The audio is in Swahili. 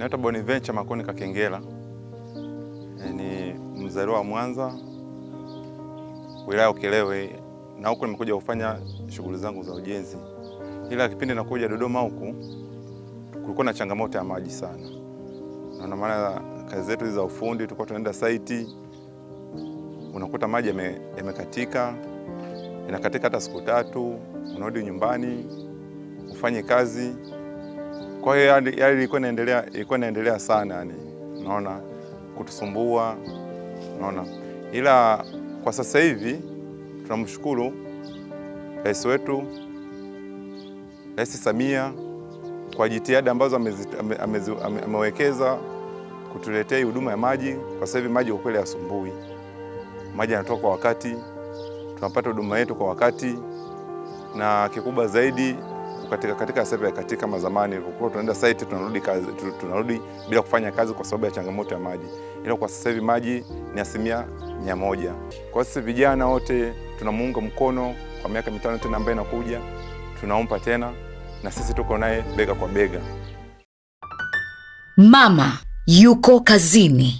Naitwa Bonaventure Makoni Kakengela, ni mzaliwa wa Mwanza, wilaya Ukerewe, na huku nimekuja kufanya shughuli zangu za ujenzi, ila kipindi nakuja Dodoma huku kulikuwa na changamoto ya maji sana, na ndio maana kazi zetu za ufundi tulikuwa tunaenda site, unakuta maji yamekatika, inakatika hata siku tatu, unarudi nyumbani ufanye kazi kwa hiyo yale ilikuwa inaendelea, ilikuwa inaendelea sana, yani naona kutusumbua, naona ila kwa sasa hivi tunamshukuru rais wetu Rais Samia kwa jitihada ambazo amewekeza kutuletea huduma ya maji. Kwa sasa hivi maji ukweli asumbui, maji yanatoka kwa wakati, tunapata huduma yetu kwa wakati, na kikubwa zaidi katika, katika sekta ya kati kama zamani ilivyokuwa tunaenda site tunarudi kazi, tunarudi bila kufanya kazi kwa sababu ya changamoto ya maji, ila kwa sasa hivi maji ni asilimia mia moja. Kwa sisi vijana wote tunamuunga mkono kwa miaka mitano tena ambayo inakuja, tunaomba tena na sisi tuko naye bega kwa bega. Mama yuko kazini.